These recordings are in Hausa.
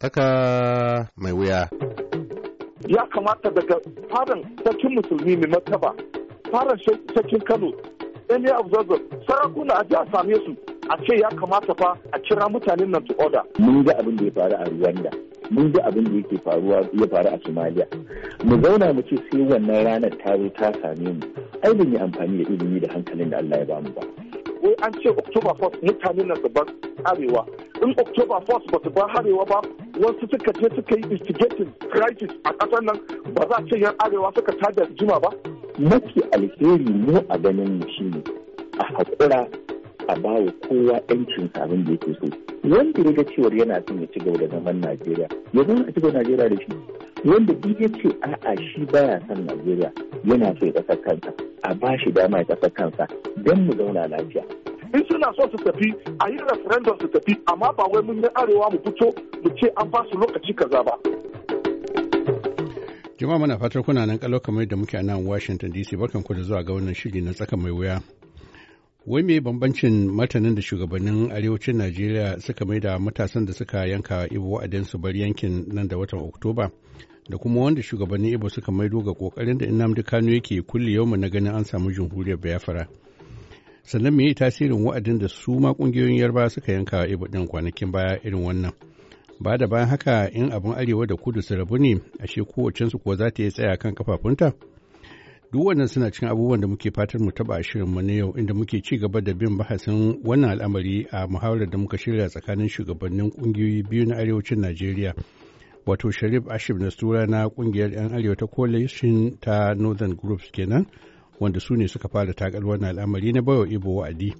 tsaka mai wuya. Ya kamata daga fadan sarkin musulmi mai martaba, fadan sarkin Kano, Emir Abzazar, sarakuna a a same su, a ce ya kamata fa a kira mutanen nan to Mun ga abin da ya faru a Rwanda, mun ga abin da yake faruwa ya faru a Somalia. Mu zauna mu ce sai wannan ranar ta zo ta same mu. Ai ban yi amfani da ilimi da hankalin da Allah ya bamu ba. Wai an ce October 1st mutanen nan su bar arewa. In October 1st ba su bar arewa ba wasu suka je suka yi instigating crisis a ƙasar nan ba za ce yan arewa suka tada jima ba mafi alheri mu a ganin mu shi shine a haƙura a ba wa kowa yancin abin da yake so wanda ya ga cewar yana son ya ci gaba da zaman najeriya ya zama a cikin najeriya da shi wanda duk ya ce a'a shi baya san najeriya yana so ya ƙasar kansa a ba shi dama ya ƙasar kansa don mu zauna lafiya in suna so su tafi a yi referendum su tafi amma ba wai mun yi arewa mu fito su ce an ba su lokaci kaza ba Jama'a muna fatar kuna nan kalau kamar da muke a nan Washington DC barkan ku da zuwa ga wannan shiri na tsaka mai wuya. Wai me bambancin matanin da shugabannin arewacin Najeriya suka mai da matasan da suka yanka Ibo wa'adin su bar yankin nan da watan Oktoba da kuma wanda shugabannin Ibo suka maido ga kokarin da Nnamdi Kano yake kulle yau na ganin an samu jamhuriyar Biafra. Sannan me tasirin wa'adin da su ma kungiyoyin Yarba suka yanka Ibo din kwanakin baya irin wannan. ba da bayan haka in abin arewa da kudu su rabu ne ashe kowacensu kuwa za ta yi tsaya kan kafafunta duk wannan suna cikin abubuwan da muke fatar mu taba shirin mu na yau inda muke ci gaba da bin bahasin wannan al'amari a muhawarar da muka shirya tsakanin shugabannin kungiyoyi biyu na arewacin Najeriya wato Sharif Ashif sura na kungiyar 'yan arewa ta coalition ta Northern Groups kenan wanda su ne suka fara takar wannan al'amari na bayo ibo wa'adi.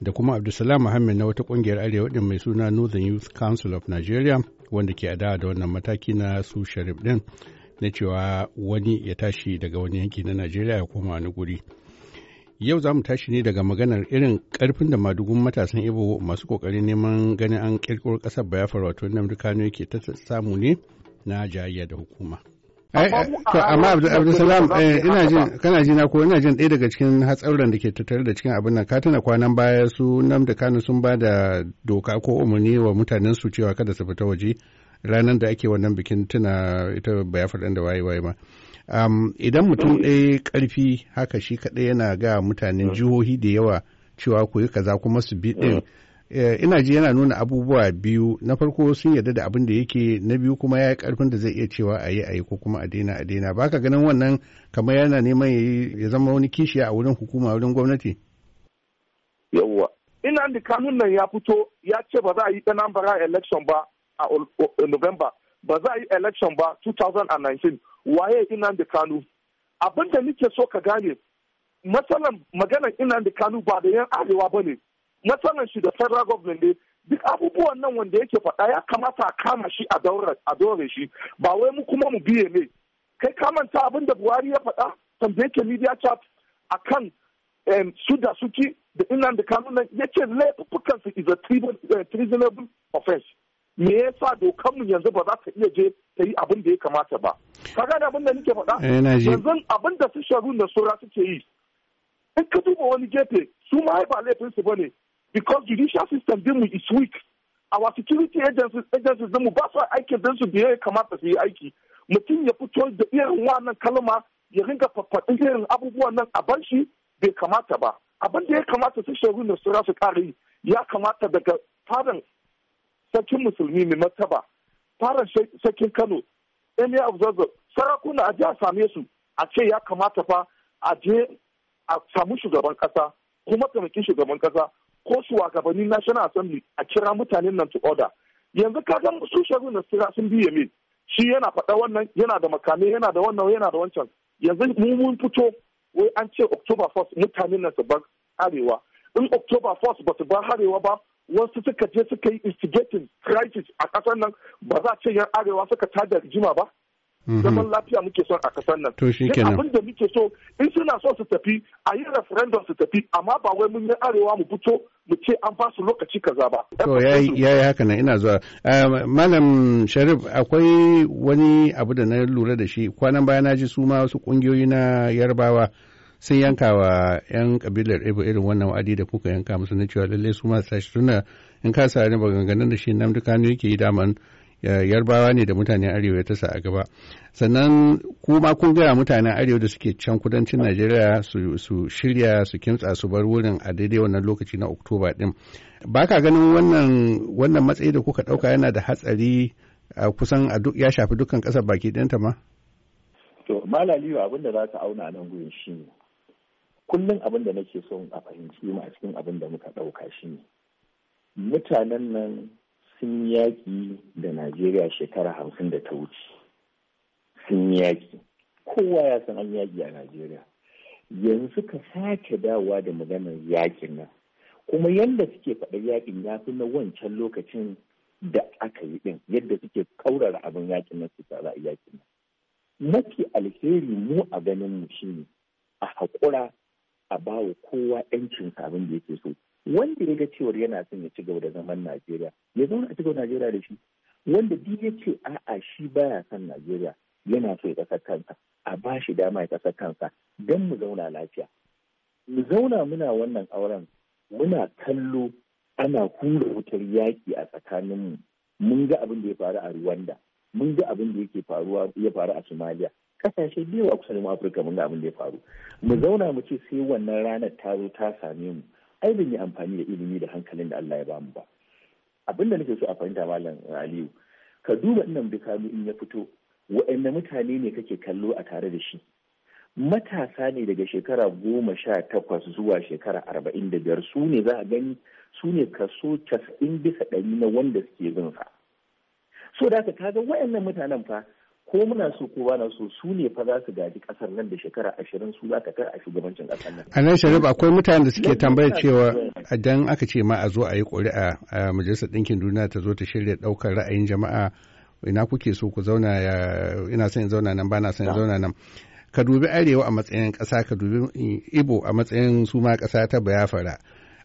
da kuma Abdulsalam Muhammad na wata kungiyar Arewa din mai suna Northern Youth Council of Nigeria wanda ke dawa da wannan mataki na su Sharif din na cewa wani ya tashi daga wani yanki na Najeriya ya koma wani guri. Yau za mu tashi ne daga maganar irin karfin da madugun matasan Ibo masu kokarin neman ganin an kirkiro kasar Biafra wato Namdi Kano yake ta samu ne na jayayya da hukuma. amma abdulsalam eh, ina jin kana jina ko ina jin ɗaya daga cikin hatsauran da ke tattare da cikin abin nan ka tuna kwanan baya su nam da kanu sun ba da doka ko umarni wa mutanen su cewa kada su fita waje ranar da ake wannan bikin tuna ita baya faɗan da waye waye ma idan mutum eh. ɗaya karfi haka shi kaɗai yana ga mutanen eh. jihohi da yawa cewa ku yi kaza kuma su bi ɗin Eh, ina ji yana nuna abubuwa biyu na farko sun yarda da abin da yake na biyu kuma ya yi karfin da zai iya cewa a yi a yi ko kuma a daina a daina ba ka ganin wannan kamar yana neman ya zama wani kishiya a wurin hukuma wurin gwamnati yawwa ina da kanun nan ya fito ya ce ba za a yi ɗanan bara election ba a november ba za a yi election ba 2019 waye ina da kanu abin da nike so ka gane matsalan maganar ina da kanu ba da yan arewa ba ne sanin shi da federal government ne duk abubuwan nan wanda yake faɗa ya kamata a kama shi a daure shi ba wai mu kuma mu biye ne kai kamanta abin da buhari ya faɗa tambaye ke media chat a kan su da suki da inan da kanunan ya ce laifukan su is a eh, treasonable offense me yasa dokanmu yanzu ba za ta iya je ta yi abin da ya kamata ba ka gane abin da nake faɗa eh, yanzu abin da su sharu da sura suke yi in ka duba wani gefe su ma ba laifin su bane because judicial system mu is weak our security agencies agencies mu ba su aikin don su biya ya kamata su yi aiki mutum ya fito da irin wannan kalma ya ringa faffaɗin irin abubuwan nan a ban shi bai kamata ba abin da ya kamata su shagu na su rasu ƙara yi ya kamata daga fadan sarkin musulmi mai martaba fadan sarkin kano emir abuzazza sarakuna a je a same su a ce ya kamata fa a je a samu shugaban kasa kuma taimakin shugaban ƙasa ko shugabannin national assembly a kira mutanen nan to order yanzu ka ga su shagun na sira sun biye min shi yana faɗa wannan yana da makamai yana da wannan yana da wancan yanzu mu mun fito wai an ce october 1st mutanen nan su bar arewa in october 1st ba su bar arewa ba wasu suka je suka yi instigating crisis a ƙasar nan ba za a ce yan arewa suka tada rigima ba Mhm. zaman lafiya muke son a kasar nan to shikenan abin da muke so in suna so su tafi a yi referendum su tafi amma ba wai mun yi arewa mu fito mu ce an ba su lokaci kaza ba to yayi haka nan ina zuwa um, malam sharif akwai wani abu da na lura da shi kwanan baya na ji su ma wasu kungiyoyi na yarbawa sun yanka wa 'yan kabilar ebo irin wannan wa'adi da kuka yanka musu na cewa lallai su ma sashi suna in ka sa ne ba ganganin da shi namdi kano yake yi daman yarbawa ne da mutanen arewa ya sa a gaba sannan kuma kun gaya mutanen arewa da suke can kudancin najeriya su shirya su kimtsa su bar wurin a daidai wannan lokaci na oktoba din ba ka ganin wannan wannan matsayi da kuka dauka yana da hatsari a kusan ya shafi dukkan kasar baki danta ma to malaliyo abin da za ka auna nan gurin shi ne kullum abin da nake so a fahimci ma a cikin abin da muka ɗauka shi ne mutanen nan sun yi yaƙi da najeriya shekara hamsin da ta wuce sun yaƙi kowa ya san an yaƙi a najeriya yanzu ka sake dawowa da maganar yaƙin nan kuma yadda suke faɗar yaƙin ya fi na wancan lokacin da aka yi ɗin yadda suke ƙaurara abin yaƙin nan su tsara a yaƙin nan mafi alheri mu a ganin mu shine a haƙura a bawa kowa 'yancinsa abin da yake so wanda ya ga cewar yana son ya ci gaba da zaman Najeriya ya zauna a ci gaba Najeriya da shi wanda duk ya ce a'a shi baya son Najeriya yana so ya kasar kansa a ba shi dama ya kasar kansa don mu zauna lafiya mu zauna muna wannan auren muna kallo ana hura wutar yaƙi a tsakaninmu mun ga abin da ya faru a Rwanda mun ga abin da yake faruwa ya faru a Somalia kasashe biyu a kusurin Afirka mun ga abin da ya faru mu zauna mu ce sai wannan ranar ta zo ta same mu ai ban yi amfani da ilimi da hankalin da Allah ya ba mu ba abin da nake so a fahimta malam Aliyu ka duba innan da kanu in ya fito wa'anne mutane ne kake kallo a tare da shi matasa ne daga shekara goma sha takwas zuwa shekara arba'in da biyar su ne za a gani su ne kaso casa'in bisa ɗari na wanda suke bin sa so da ka ga wa'annan mutanen fa ko muna so ko bana so su ne fa za su gaji kasar nan da shekara ashirin su za ta kai a shugabancin kasar nan. A nan Sharif akwai mutanen da suke tambayar cewa idan aka ce ma a zo a yi ƙuri'a a majalisar ɗinkin duniya ta zo ta shirya ɗaukar ra'ayin jama'a ina kuke so ku zauna ya ina son in zauna nan ba son in zauna nan. Ka dubi Arewa a matsayin ƙasa ka dubi Ibo a matsayin su ma ƙasa ta Bayafara.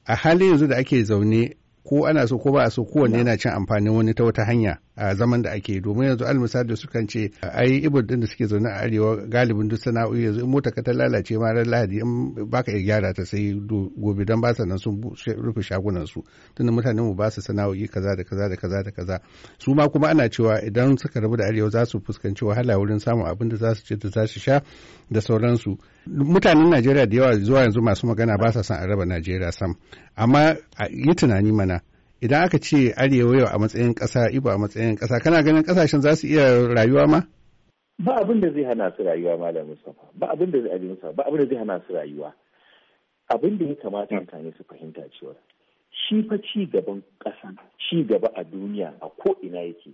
A halin yanzu da ake zaune ko ana so ko ba a so kowanne yana cin amfanin wani ta wata hanya. a zaman da ake domin yanzu almisali da sukan ce ai ibur din da suke zaune a arewa galibin duk sana'o'i yanzu in mota ka ta lalace ma ran lahadi in baka iya gyara ta sai gobe don ba sa nan sun rufe shagunan su tunda mutanen mu ba su sana'o'i kaza da kaza da kaza da kaza su ma kuma ana cewa idan suka rabu da arewa za su fuskanci wahala wurin samun abin da za su ci da za su sha da sauransu mutanen Najeriya da yawa zuwa yanzu masu magana ba sa son a raba Najeriya sam amma yi tunani mana idan aka ce arewa yau a matsayin ƙasa ibo a matsayin ƙasa kana ganin ƙasashen za su iya rayuwa ma ba abin da zai hana su rayuwa malam Mustapha ba abin da zai hana ba abin da zai hana su rayuwa abin da ya kamata mutane su fahimta cewa shi fa ci gaban ƙasa ci gaba a duniya a ko ina yake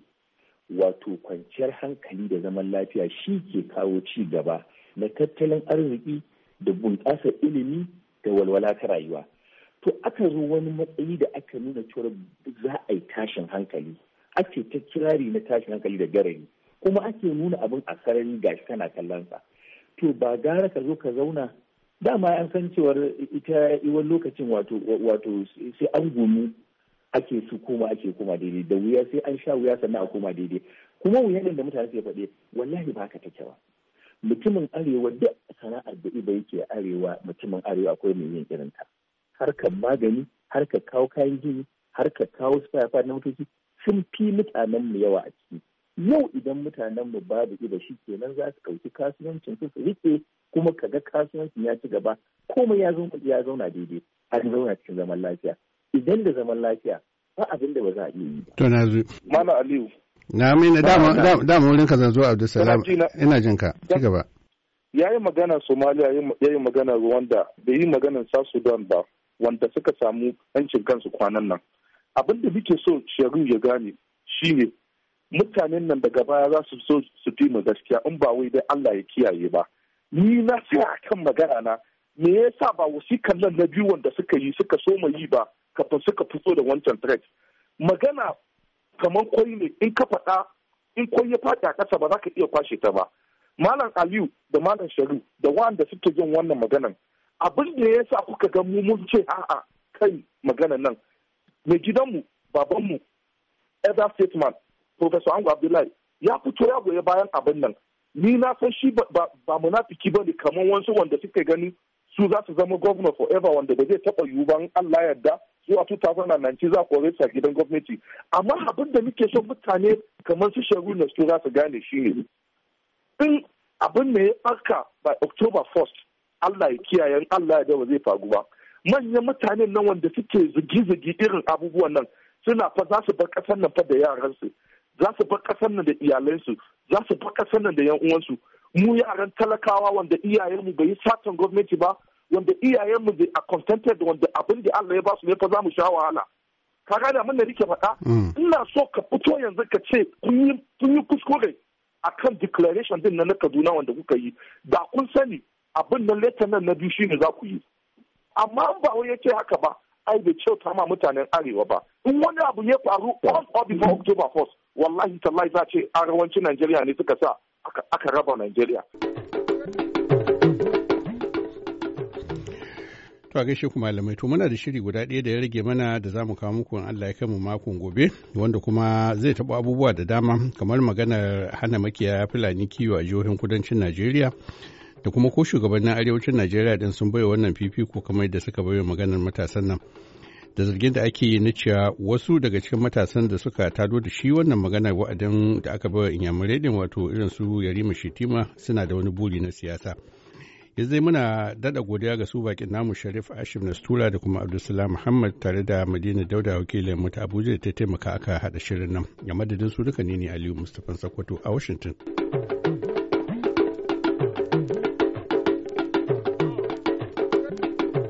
wato kwanciyar hankali da zaman lafiya shi ke kawo ci gaba na tattalin arziki da bunƙasar ilimi da walwala ta rayuwa to aka zo wani matsayi da aka nuna cewa za a yi tashin hankali ake ta kirari na tashin hankali da garari kuma ake nuna abin a sarari gashi kana kallon sa to ba gara ka zo ka zauna dama an san cewar ita iwan lokacin wato wato sai an gumi ake su kuma ake kuma daidai da wuya sai an sha wuya sannan a koma daidai kuma wuya wuyan da mutane suke faɗe wallahi ba ka take ba mutumin arewa duk sana'ar da iba yake arewa mutumin arewa akwai mai yin irin ta harkar magani harkar kawo kayan jini harkar kawo fara na motoci sun fi mutanen mu yawa a ciki yau idan mutanen mu babu ido shi kenan za su ɗauki kasuwancin su su riƙe kuma ka ga kasuwancin ya ci gaba komai ya zauna ya zauna daidai an zauna cikin zaman lafiya idan da zaman lafiya ba abin da ba za a iya yi ba. To na zo mana Aliyu. Na na dama wurin ka zan Abdulsalam ina jin ka ci gaba. Ya yi magana Somalia ya yi magana Rwanda bai yi maganar South Sudan ba. wanda suka samu 'yancin kansu kwanan nan abin da muke so shari'u ya gane shine mutanen nan daga baya za su so su fi mu gaskiya in ba wai dai Allah ya kiyaye ba ni na a kan magana na me yasa ba wasikan nan na biyu wanda suka yi suka so yi ba kafin suka fito da wancan threat magana kamar kwai ne in ka faɗa in kwai ya faɗi a ƙasa ba za ka iya kwashe ta ba malam aliyu da malam sharu da wanda suke jin wannan maganan abin da ya sa kuka ga mu mun ce a'a kai magana nan mai gidanmu babanmu elder statesman professor ango abdullahi ya fito ya goye bayan abin nan ni na san shi ba munafiki ba ne kamar wasu wanda suka gani su za su zama governor forever wanda ba zai taɓa yiwu ba Allah yarda zuwa 2019 za ku a gidan gwamnati amma abin da muke son mutane kamar su shagun na su za su gane shi ne in abin da ya barka by october 1st Allah ya kiyaye Allah ya ga ba zai faru ba manyan mutanen nan wanda suke zugi-zugi irin abubuwan nan suna fa za su bar ƙasar nan fa da yaransu za su bar ƙasar nan da iyalansu za su bar ƙasar nan da yan uwansu mu yaran talakawa wanda iyayenmu bai satan gwamnati ba wanda iyayenmu mu a contented wanda abin da Allah ya ba su ne fa za mu sha wahala ka gane mun da rike faɗa mm. ina so ka fito yanzu ka ce kun yi kuskure akan declaration din na na Kaduna wanda kuka yi da kun sani abin da letanan na biyu shine za ku yi amma in ba wai ya ce haka ba ai bai kyauta ma mutanen arewa ba in wani abu ya faru on or before october 1st wallahi tallahi za ce arewacin najeriya ne suka sa aka raba najeriya To gaishe ku malamai to muna da shiri guda ɗaya da ya rage mana da za mu kawo muku Allah ya kai mu makon gobe wanda kuma zai taɓa abubuwa da dama kamar maganar hana makiyaya Fulani kiwo a jihohin kudancin Najeriya da kuma ko shugabannin arewacin najeriya din sun bai wannan fifiko kamar yadda suka bai maganar matasan nan da zargin da ake yi na cewa wasu daga cikin matasan da suka tado da shi wannan magana wa'adin da aka bai inyamin din wato irin su yarima shitima suna da wani buri na siyasa yanzu zai muna dada godiya ga su bakin namu sharif Ashim nastura da kuma abdulsalam muhammad tare da madina dauda wakilin mu ta abuja da ta taimaka aka haɗa shirin nan ga madadin su duka ne ne aliyu mustapha sakwato a washington